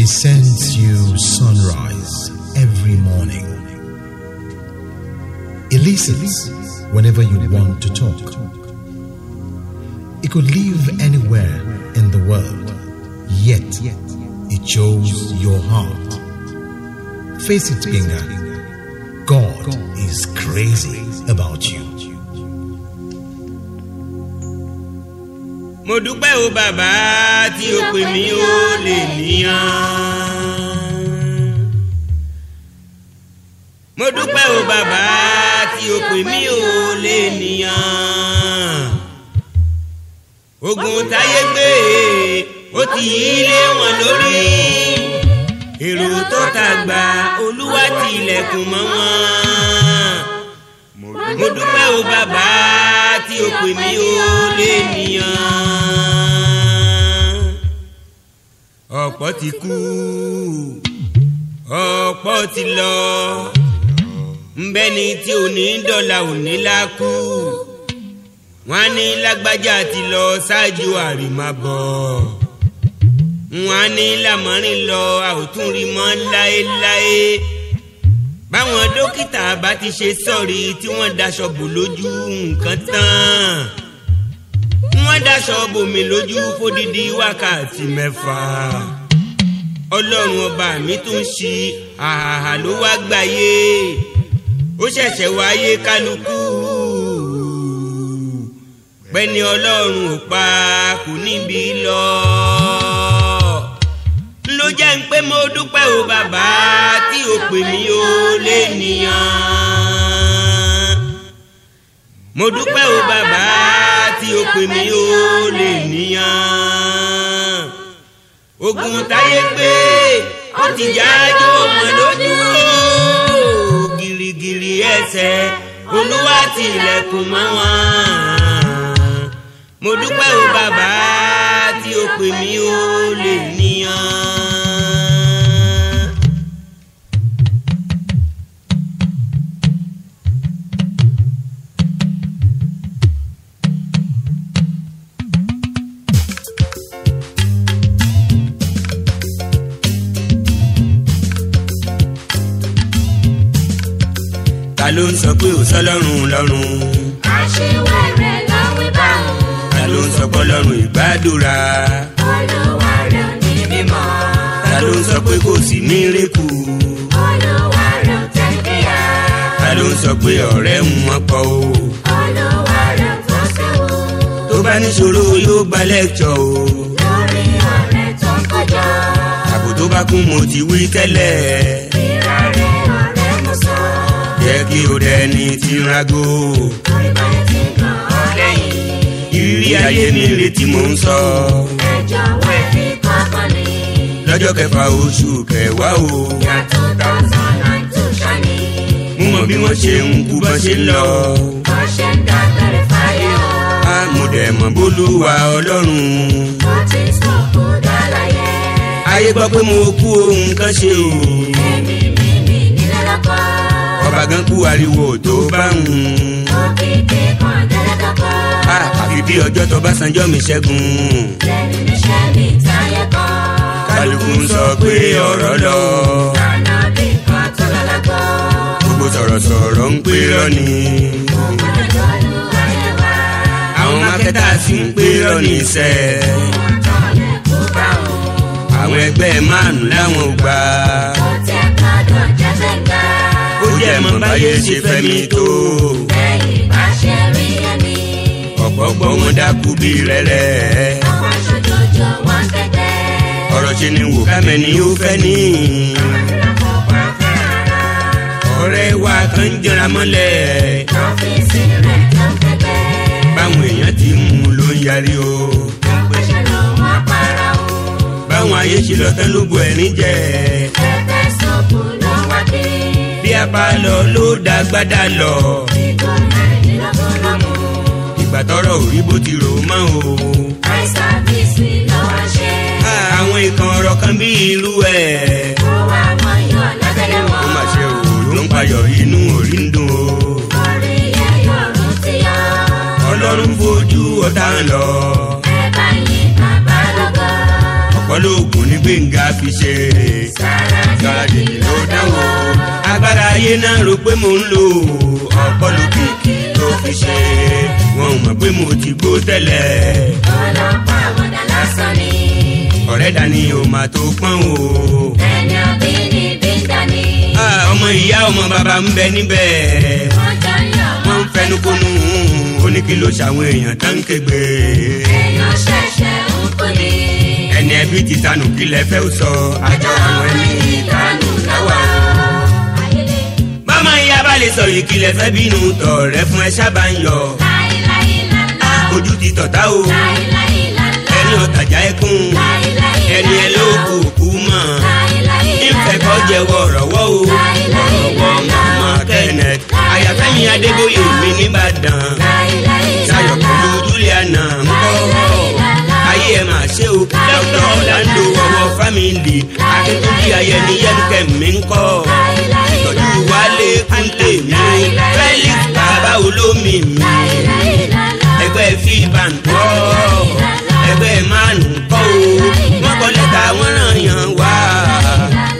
He sends you sunrise every morning. He listens whenever you want to talk. He could live anywhere in the world, yet He chose your heart. Face it, Binga. God is crazy about you. mo dúpẹ́ o bàbá tí o pè mí o lè níyàn. mo dúpẹ́ o bàbá tí o pè mí o lè níyàn. ogun táyé gbé ó ti yí lé wọn lórí. èrò tó ta gbà olúwa tilẹ̀kùn mọ́ wọn. mo dúpẹ́ o bàbá tí o pè mí o lè níyàn. ọ̀pọ̀ ti kú ọ̀pọ̀ ti lọ nbẹ́ni tí ò ní dọ̀là ò ní lákú wọ́n á ní lágbájá ti lọ ṣáájú àrìmabọ̀ wọ́n á ní lámọ́rin lọ àòtúnrímọ́ láéláé báwọn dókítà bá ti ṣe sọ̀rí tí wọ́n daṣọ bò lójú nǹkan tán wọ́n daṣọ bòmí lójú fódìdí wákàtí mẹ́fà ọlọ́run ọba mi tó ń ṣe àhàhà ló wá gbàyè ó ṣẹ̀ṣẹ̀ wáyé kálukú pẹ́ni ọlọ́run ò pa kò níbi lọ. ló jẹ́ ń pé mo dúpẹ́ o bàbá tí o pè mí o lé nìyàn. mo dúpẹ́ o bàbá tí o pè mí o lé nìyàn ogun táyé gbé ó ti jájú ọmọ lójú gìrìgìrì ẹsẹ̀ olúwa ti ilẹ̀kùn mọ́ wọn. mo dúpẹ́ o bàbá tí o pè mí o lè níyàn. ta ló ń sọ pé ò sọlọ́run lọ́run. àṣewẹ̀rẹ̀ ló wí báwọn. ta ló ń sọ pé ọlọ́run ìgbàdúrà. olúwa rẹ̀ ò ní mímọ́. ta ló ń sọ pé kò sí mírèkù. olúwa rẹ̀ ò tẹ̀kíyà. ta ló ń sọ pé ọ̀rẹ́ ń wọ́n o. olúwa rẹ̀ tó sẹ́wọ̀. tó bá níṣòro yóò gba lẹ́kṣọ̀ o. lórí ọ̀rẹ́ tó kọjá. àbò tó bá kún mo ti wí tẹ́lẹ̀. ẹni tí ń rago. àìmọ̀ ẹ̀ ti ń kàn án lẹ́yìn. ìrírí ayé ni ìrètí mò ń sọ. ẹ jọ̀wọ́ ẹ fi kọ́kọ́ ni. lọ́jọ́ kẹfà oṣù kẹwàá o. yàtọ̀ tọ̀sán náà tún ṣàní. mo mọ bí wọ́n ṣe ń kú bá ṣe ń lọ. wọ́n ṣe ń dágbére fáyé o. a mú dẹ̀ mọ́ bólúwa ọlọ́run. mo ti sọ kó dálàyé. ayé gbọ́ pé mo kú ohun kan ṣe o. èmi mi mi nílẹ̀ lọ́kọ̀ọ́ fagán kú ariwo tó bá ń. òkìkí kan délé kókó. a bí ọjọ́ tó mi ṣẹ́gun. lẹ́nu níṣẹ́ mi táyé kọ́. kálukú ń sọ pé ọ̀rọ̀ lọ. lọ́nà bí nǹkan tó lọ lágọ̀. gbogbo sọ̀rọ̀sọ̀rọ̀ ń pè rọ wa. àwọn mákẹ́tà sì ń pè rọ ní sẹ́. àwọn ẹgbẹ́ márùn-ún láwọn ò gbà. ó ti ẹ̀ka dùn jẹ́fẹ́ gbà jẹ́ mọ̀ báyé ṣe fẹ́ mi tó. ẹ̀yìn bá ṣe rí ẹ̀mí. ọ̀pọ̀gbọ́n wọn dákú bí rẹ̀rẹ̀. àwọn aṣojoojọ wọn tẹ́tẹ́. ọ̀rọ̀ ṣe ni wò kámẹ́ ni ó fẹ́ ní. àwọn tí wọn kò pa fẹ́ rárá. ọ̀rẹ́ wa kan ń jẹra mọ́lẹ̀. ọ́fíìsì rẹ̀ tó tẹ́tẹ́. báwọn èèyàn ti mú un ló ń yarí o. àpàṣẹ ló wọ́n para o. báwọn ayé ṣe lọ ló bu ẹ̀rín jẹ. tẹ́tẹ́ sọ̀kù ló wá kiri bóyá bá lọ ló dàgbàdà lọ. ìgbà tọrọ ò rí bó ti rò mọ́ o. àìsàn àwọn ìkan ọ̀rọ̀ kan bí irú ẹ̀. ó mà ṣe òòrùn ń payọ̀ inú orí ń dùn o. ọlọ́run fojú ọ̀tá lọ kọlóògùn ní gbẹ̀ngà fi ṣe rè Gàràjèjì ló dáwọ́ agbára ayé náà rò pé mò ń lò ọ̀pọ̀ ló kìkì ló fi ṣe wọn ò mọ̀ pé mo ti gbó tẹ́lẹ̀. ọlọ́pàá àwọ̀dà lásán ni. ọ̀rẹ́ dání o máa tó pọ́n o. ẹni ọbí ni bí ń dání. ọmọ ìyá ọmọ bàbá ń bẹ níbẹ̀. wọ́n jọ ń yọ̀ wọ́n oníkìlọ̀ ṣàwọn èèyàn tá ń èèyàn ṣẹ̀ṣẹ̀ yẹn bí ti sanu kí lẹ fẹ́ sọ àjọ àwọn ẹni kánú káwá. bámọ̀ ìyá bá lè sọ yìí kí lẹ fẹ́ bínú tọ̀ fún ẹ sábà ń yọ. ojú ti tọ̀tá o ẹni ọ̀tàjà ẹkún. Ismaili Adétúnjì Ayẹni Yẹ́dùkẹ́mi ńkọ́ ìtọ́jú Wálé Kúńté mi Felix bàbá olómi mi ẹgbẹ́ fíìbà ńkọ́ ẹgbẹ́ mánù ńkọ́ o wọ́n kọ́ lẹ́tà wọ́n ràn yàn wá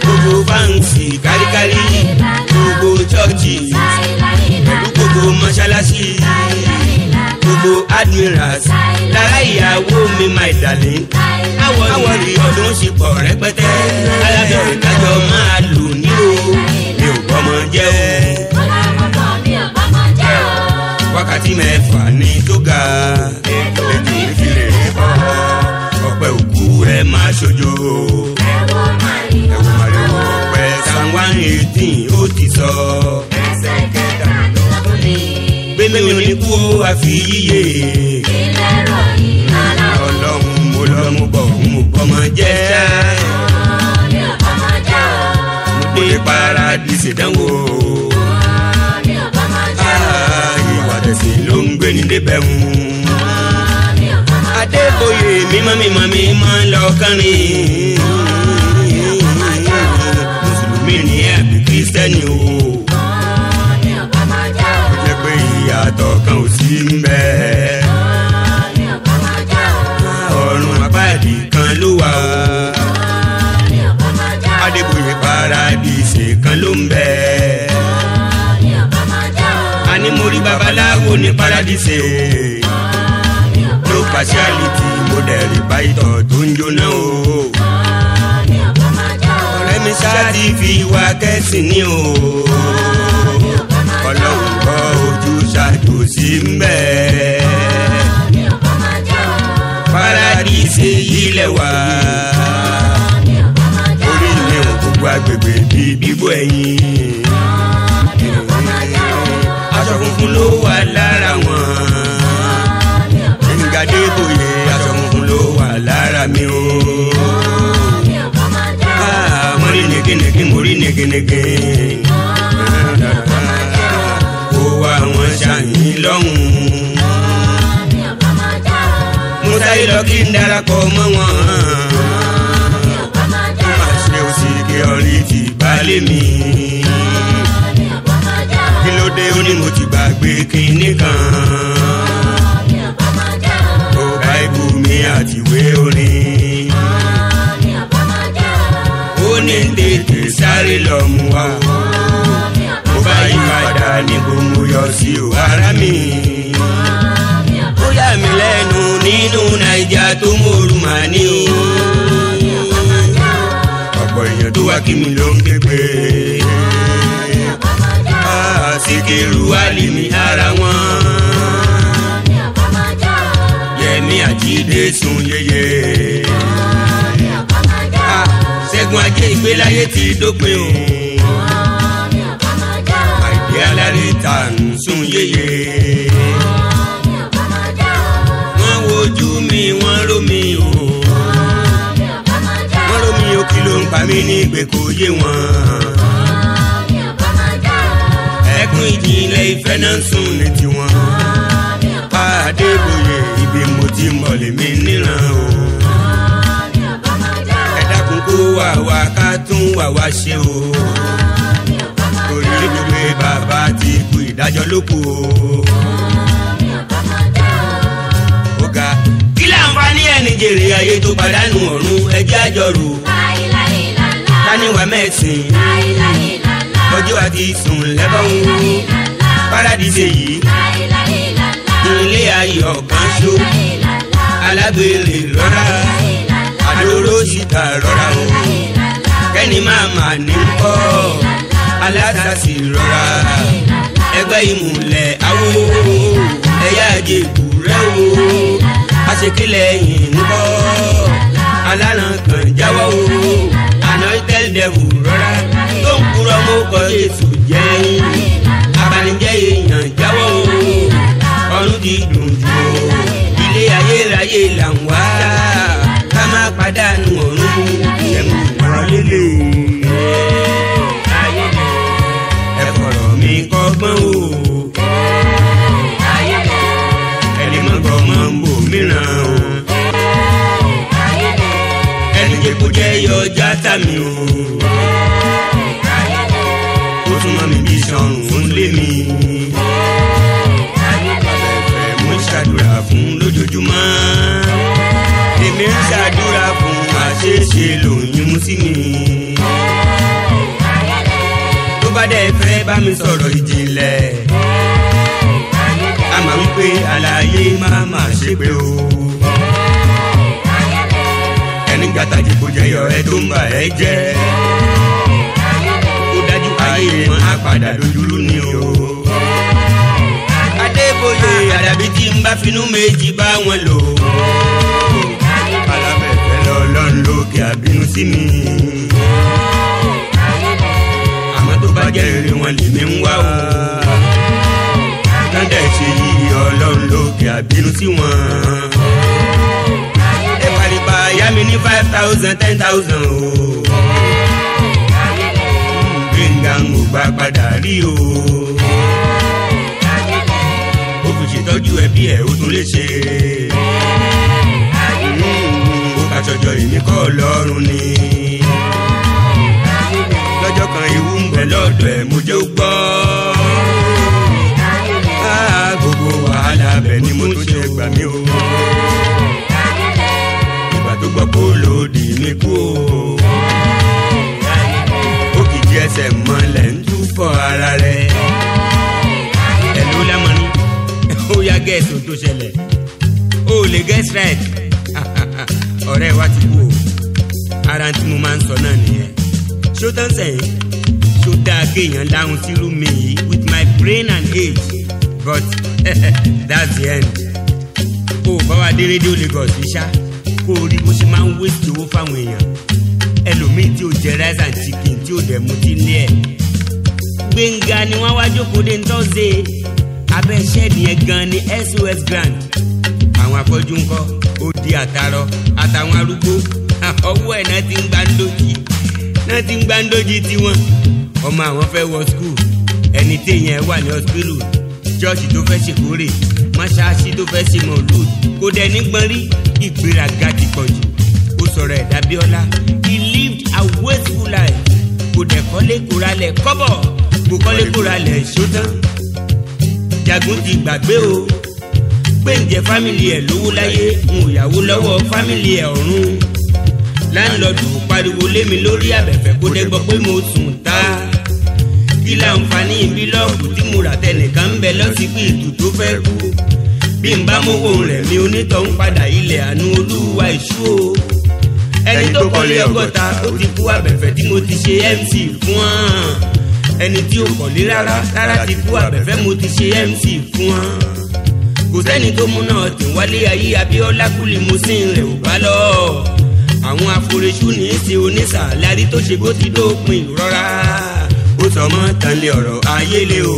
gbogbo fáǹsì káríkárí gbogbo chọ́ọ̀chì pẹ̀lú gbogbo mọ́ṣáláṣí gbogbo admirals ìyàwó mi my darling. àwọ̀rì ọdún ṣe pọ̀ rẹpẹtẹ. alábẹ́ ìdájọ́ máa lò ní o mi ò bọ́mọ jẹ́ o. wákàtí mẹ́fà ni tó ga. ètò ìfilè bọ̀. ọ̀pẹ òkú ẹ̀ máa ṣojo. ẹ̀wọ̀n máa rí o. ọ̀pẹ sanwó eighteen ó ti sọ. ẹsẹ̀ kẹta ló ń lè. gbẹmí oníkú àfi yíyé. ṣèdánwò. mi ò bá máa jẹ́ o. Ah, ìwà tẹ̀sí ló ń gbé ní débẹ̀ ń. mi ò bá máa jẹ́ o. adébóyè mímọ́ mímọ́ mi máa mùsùlùmí ni àbí kírísítẹ́nì o. mi ò ó jẹ́ pé ìyàtọ̀ kan ò sí ń paradise o no partiality model python tó ń jóná o ọlẹ́mi sáàtì fi wá kẹ́sì ní o ọlọ́run kọ ojú ṣàtò sí mbẹ́ paradise yìí lẹ́wà orí mi ò gbogbo agbègbè bíi bíbó ẹ̀yìn. lékeleke. ó wá wọn ṣàyìn lọ́hùn-ún. mo sáré lọ kí n darapọ̀ mọ́ wọn. àṣẹ òsì kí ọrí ti balẹ̀ mi. kí ló dé ó ní mo ti gbàgbé kinní kan. ó bá ibù mi àtiwé orin. ó ní tètè sáré lọ mú wa mo bá yí padà níbo mo yọ sí o ara mi ó yà mí lẹ́nu nínú naija tó mòrú màá ní o ọ̀pọ̀ èèyàn tó wá kí mi ló ń ké pé Síkírù Àlímì ara wọn Yẹmí Àjídé sun yeye. ní ìgbéláyé ti dópin o. àìdí alárè ta ń sún yéye. wọ́n wojú mi wọ́n ró mi o. wọ́n ró mi o kí ló ń pa mí ní ìgbèkóyè wọn. ẹkún ìjìnlẹ̀ ìfẹ́ náà ń sùn ní tiwọn. pàdé bòye ibi mo ti mọ̀lẹ́mí níran o wàwá ká tún wàwá ṣe o. oríire pé bàbá ti kú ìdájọ́ ló kù o. ọ̀gá kí láǹfààní ẹni jèrè ayé tó pàdánù ọ̀run ẹjẹ́ àjọrò. táníwá mẹ́sìn àti sùn lẹ́bọ̀n paradíṣe yìí ilé ayọ̀ kan ṣó alábẹ̀rẹ̀ lọ́ra lóró síta rọra o kẹ́ni máa mà ní kọ́ alásàsì rọra ẹgbẹ́ ìmùlẹ̀ awo ẹ̀yà àjẹkù rẹ o àṣekílẹ̀ yìí ń bọ́ alárà kan jáwọ́ o àná tẹ́lẹ̀dẹ̀mù rọra tó ń kúrọ́ mọ́ kọ́ Jésù jẹ́ yín abanijẹ́ èèyàn jáwọ́ ọjà tàmí o. ó tún mọ mi bí sọrùn ó ń lé mi. àbẹ̀fẹ̀ mo ń ṣàdúrà fún lójoojúmọ́. èmi ń ṣàdúrà fún àṣeṣe lòyún mú sí mi. tó bá dẹ̀ fẹ́ bá mi sọ̀rọ̀ ìjìnlẹ̀. a máa ń pè àlàyé má má ṣe pé o. jẹyọ ẹ tó ń bà ẹ jẹ́ ó dájú ayé mọ́ àpàdà lójúlú ni o. adébóyè àdàbí tí ń bá finú méjì bá wọn lò alábẹ̀fẹ́ lọ́lọ́run lókè àbínú sí mi. àmọ́ tó bá jẹ́ rere wọn lèmi ń wá o. nàdẹ̀ ṣe yí ọlọ́run lókè àbínú sí wọn ìyá mi five thousand ten thousand o. Oh. gbẹ̀ngà ń gbà padà rí o. Oh. ó fi ṣètọ́jú ẹbí ẹ̀ ó tún lè ṣe. ó ka ṣọjọ́ èmi kọ́ lọ́rùn ni. lọ́jọ́ kan ewu ń bẹ lọ́dọ̀ ẹ̀ mo jẹ́ ó gbọ́. Ah, gbogbo wàhálà bẹ̀ ni mo tún ṣe gbà mí o. Oh tó gbọ́ kó lòdì mí kú o. ó kìí ẹsẹ̀ mọ́lẹ̀ ń túbọ̀ ara rẹ̀. ẹ ló lámọ́nú ó yá gẹ̀ẹ́sì tó ṣẹlẹ̀ ó lè gẹ̀ẹ́sì rẹ̀ ọ̀rẹ́ wa ti kú o ara tí mo máa ń sọ náà nìyẹn ṣó tán sẹ́yìn ṣó dáa kéèyàn dáhùn sírú mi yìí with my brain and age but that's the end. o bá wa dé rédíò Lagos yìí ṣáá kó o rí bó ṣe máa ń wéjì owó fáwọn èèyàn ẹlòmíì tí ò jẹ rice and chicken tí ò dẹ̀ mú ti lé ẹ̀ gbẹ̀ngà ni wọ́n wá jókòó dé ntọ́sẹ̀ abẹ́ ṣẹ́ẹ̀dì yẹn gan ni sos grand àwọn afọ́jú ńkọ́ ó di àtàrọ àtàwọn arúgbó ọwọ́ ẹ̀ náà ti ń gbàndójì náà ti ń gbàndójì tiwọn ọmọ àwọn fẹ́ wọ skul ẹni téèyàn wà ní ọsibílù chọ́ọ̀ṣì tó fẹ́ ṣèkórè mọ́ṣáláṣí tó fẹ́ ṣe mọ̀lúù kò dẹ̀ nígbọ́n rí ìgbéraga ti pọ̀ jù ó sọ̀rọ̀ ẹ̀dá bíọ́lá he lived a wasteful life kò dẹ̀ kọ́lé kó ralẹ̀ kọ́bọ̀ kò kọ́lé kó ralẹ̀ ṣótán jagun ti gbàgbé o gbẹ̀ǹjẹ̀ fámìlì ẹ̀ lówó láyé ń òyàwó lọ́wọ́ fámìlì ẹ̀ ọ̀run láńlọ́ọ̀dù pariwo lé mi lórí àbẹ̀fẹ́ kó dẹ́ gbọ́ pé mo sùn tá kí láǹfààní bílọ̀ọ̀kù tí mo rà tẹnìkan ń bẹ lọ́sibítù tó fẹ́ kú bí n bá mówó rẹ̀ mi onítọ̀ ń padà ilẹ̀ àánú olúwa ìṣú o ẹni tó kọ́lé ọgọ́ta ó ti kú abẹ́fẹ́ tí mo ti ṣe MC fún ọ́n ẹni tí ó kọ́lé rárá rárá ti kú abẹ́fẹ́ mo ti ṣe MC fún ọ́n kò sẹ́ni tó múná ọ̀tẹ̀ wálé ayé Abíọ́lá kúlì mo sì ń rẹ̀ ò bá lọ àwọn aforíṣú ní í ṣe onísàlárí tó ṣe bó ti dópin ìrora ó sọ mọ́ tán lé ọ̀rọ̀ ayé lé o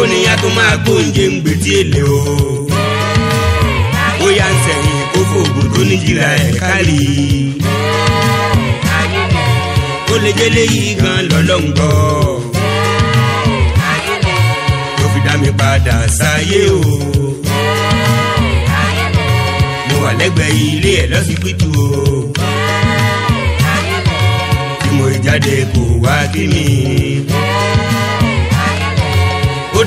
ó ní yá tó máa gbóúnjẹ ń gbèdí èlé o ó yá ń sẹ̀yìn kó fòògùn tó ní jìlá ẹ̀ kálí ó lè délé yìí gan lọ́lọ́ngbọ́ ló fi dá mi padà sáyé o mo wà lẹ́gbẹ̀ẹ́ ilé ẹ̀ lọ́sibítù o jáde kò wá kí mi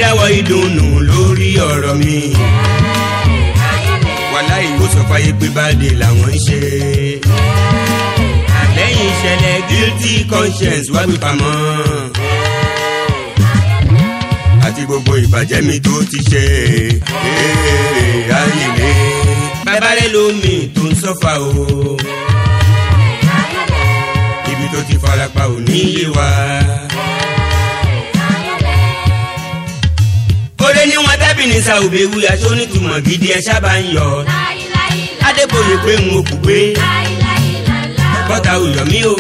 dáwọ́ ìdùnnú lórí ọ̀rọ̀ mi. wàláì ó sọ fáyé pé báde làwọn ń ṣe. lẹ́yìn ìṣẹ̀lẹ̀ guilty conscience wá mi pamọ́. àti gbogbo ìbàjẹ́ mi tó ti ṣe. ayé mi. tó ń sọ́fà o ibi tó ti farapa ò ní yé wa. ẹni wọn tábìlì sa òbẹ̀wù aṣọ onítùmọ̀ gidi ẹ sábà ń yọ. adébóyè pé ń okùn pé bọ́tà òyọ̀ mí o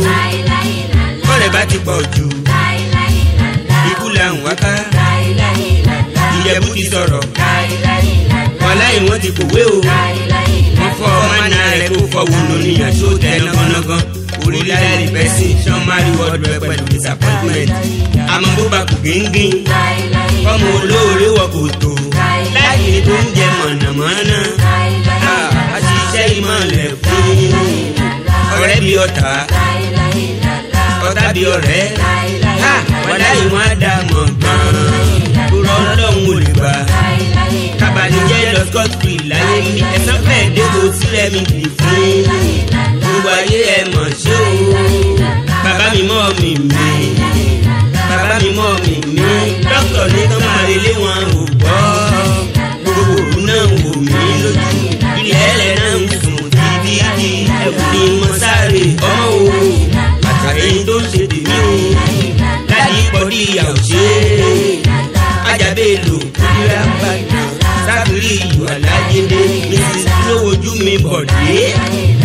kọ́lẹ̀ bá ti pọ̀ jù ikú la ń wáká ìyẹ̀bù ti sọ̀rọ̀ wàhálà ìwọ̀n ti kòwé o wọ́n fọ́ mánà rẹ̀ kó fọwọ́ lónìí aṣọ tẹ nágánnágán orílẹ̀ rẹ̀ bẹ́sìn sọ́n máa rí wọ́ọ̀dù rẹ̀ pẹ̀lú disappointment àmọ́ bó ba kò gíngín fọ́mọ olóore wọ kòtò láyé tó ń jẹ mọ̀nàmọ́ná a ṣiṣẹ́ ìmọ̀lẹ̀ fún ọ̀rẹ́ bí ọ̀tá ọ̀tá bí ọ̀rẹ́ wọ́n láyé wọn á dà mọ̀ gan-an kúrò ọlọ́run ò lè gbà kábàlíjẹ́ lọ scotland láyé mi ẹ̀sán bẹ́ẹ̀ dégbò sílẹ̀ mi kì í fún gbogbo ayé ẹ̀ mọ̀ ṣé o bàbá mi mọ́ mi mi. sakiri yauje ajabelo kiriambana sakiri yualajede mrs lowoju mi bọ̀dé.